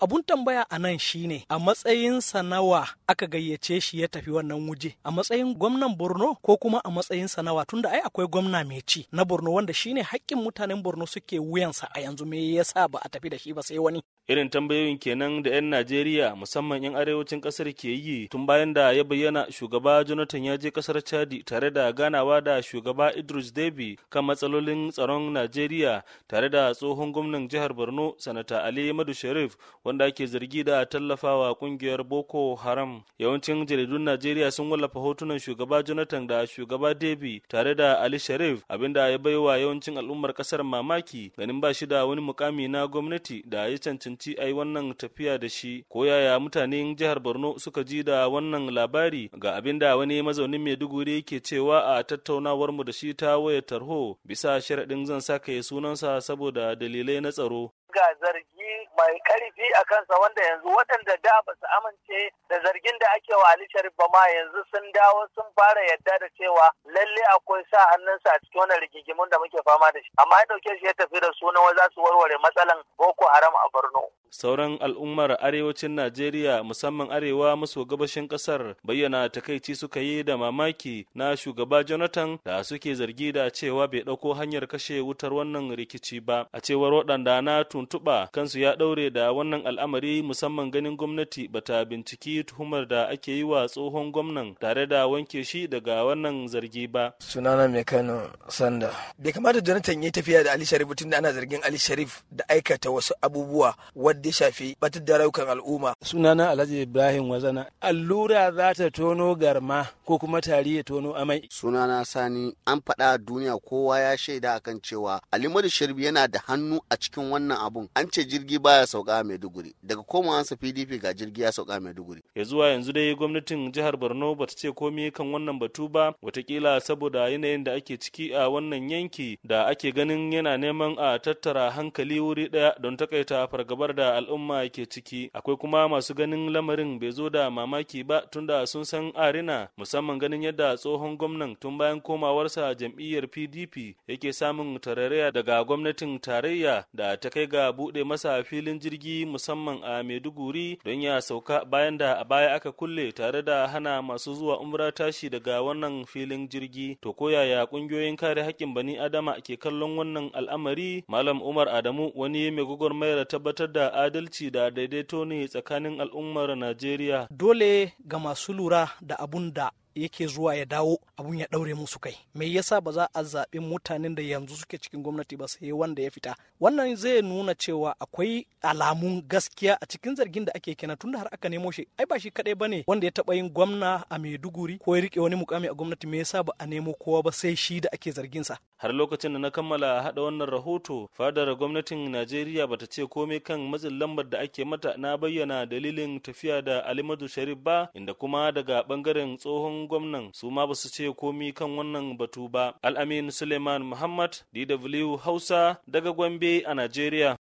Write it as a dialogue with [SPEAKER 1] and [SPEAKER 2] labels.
[SPEAKER 1] abun tambaya a nan shine a matsayinsa nawa aka gayyace shi ya tafi wannan wuje a matsayin gwamnan borno ko kuma a matsayinsa nawa tunda ai akwai gwamna mai ci na borno wanda shine hakkin mutanen borno suke wuyansa a yanzu me yasa ba a tafi da shi ba sai wani
[SPEAKER 2] irin tambayoyin kenan da 'yan najeriya musamman 'yan arewacin kasar ke yi tun bayan da ya bayyana shugaba jonathan ya je kasar chadi tare da ganawa da shugaba idris debi kan matsalolin tsaron najeriya tare da tsohon gwamnan jihar borno sanata ali madu sharif wanda ake zargi da tallafawa kungiyar boko haram yawancin jaridun najeriya sun wallafa hotunan shugaba jonathan da shugaba debi tare da ali sharif abinda ya baiwa yawancin al'ummar kasar mamaki ganin ba shi da wani mukami na gwamnati da ya cancanci cancanci a yi wannan tafiya da shi ko yaya mutanen jihar borno suka ji da wannan labari ga abin da wani mazaunin maiduguri ke cewa a tattaunawar mu da shi ta wayar tarho bisa sharaɗin zan saka sunansa saboda dalilai na tsaro ga zargi mai karfi a kansa wanda yanzu waɗanda da ba su amince da zargin da ake wa Ali Sharif ba ma yanzu sun dawo sun fara yadda da cewa lalle akwai sa hannunsa a cikin wannan rigigimun da muke fama da shi amma ya ɗauke shi ya tafi da sunan wai za su warware matsalan Boko Haram a Borno. sauran al'ummar arewacin najeriya musamman arewa maso gabashin kasar bayyana takaici suka yi da mamaki na shugaba jonathan da suke zargi da cewa bai ɗauko hanyar kashe wutar wannan rikici ba a cewar waɗanda na tuntuɓa kansu ya ɗaure da wannan al'amari musamman ganin gwamnati bata binciki tuhumar da ake yi wa tsohon gwamnan tare da wanke shi daga wannan zargi ba
[SPEAKER 1] sunana mai kano sanda bai kamata jonathan ya tafiya da ali sharif tun ana zargin ali sharif da aikata wasu abubuwa da ya shafi batar da rayukan al'umma.
[SPEAKER 2] Sunana Alhaji Ibrahim Wazana. Allura za ta tono garma ko kuma tari ya tono amai. Sunana Sani an faɗa duniya kowa ya shaida akan cewa Alimadu Sharbi yana da hannu a cikin wannan abun. An ce jirgi baya sauka a Maiduguri. Daga komawansa PDP ga jirgi ya sauka a Maiduguri. Ya zuwa yanzu dai gwamnatin jihar Borno bata ce komai kan wannan batu ba watakila saboda yanayin da ake ciki a wannan yanki da ake ganin yana neman a tattara hankali wuri ɗaya don takaita fargabar da al'umma ke ciki akwai kuma masu ganin lamarin bai zo da mamaki ba tunda sun san arina musamman ganin yadda tsohon gwamnan tun bayan komawarsa jam'iyyar pdp yake samun tarayya daga gwamnatin tarayya da ta kai ga buɗe masa filin jirgi musamman a maiduguri don ya sauka bayan da a baya aka kulle tare da hana masu zuwa umra tashi daga wannan filin jirgi to koyaya ƙungiyoyin kare haƙƙin bani adama ke kallon wannan al'amari malam umar adamu wani mai gwagwarmayar tabbatar da adalci da daidaito ne tsakanin al'ummar Najeriya.
[SPEAKER 1] Dole ga masu lura da abun da yake zuwa ya dawo abun ya daure musu kai me yasa ba za a zaɓi mutanen da yanzu suke cikin gwamnati ba sai wanda ya fita wannan zai nuna cewa akwai alamun gaskiya a cikin zargin da ake kenan tunda har aka nemo shi ai ba shi kadai ne wanda ya taba yin gwamna a Maiduguri ko ya rike wani mukami a gwamnati me yasa ba a nemo kowa ba sai shi da ake zargin sa
[SPEAKER 2] har lokacin da na kammala haɗa wannan rahoto fadar gwamnatin najeriya bata ce komai kan matsin lambar da ake mata na bayyana dalilin tafiya da alimadu sharif ba inda kuma daga bangaren tsohon gwamnan su ma basu ce komai kan wannan batu ba al'amin suleiman muhammad dw hausa daga gombe a najeriya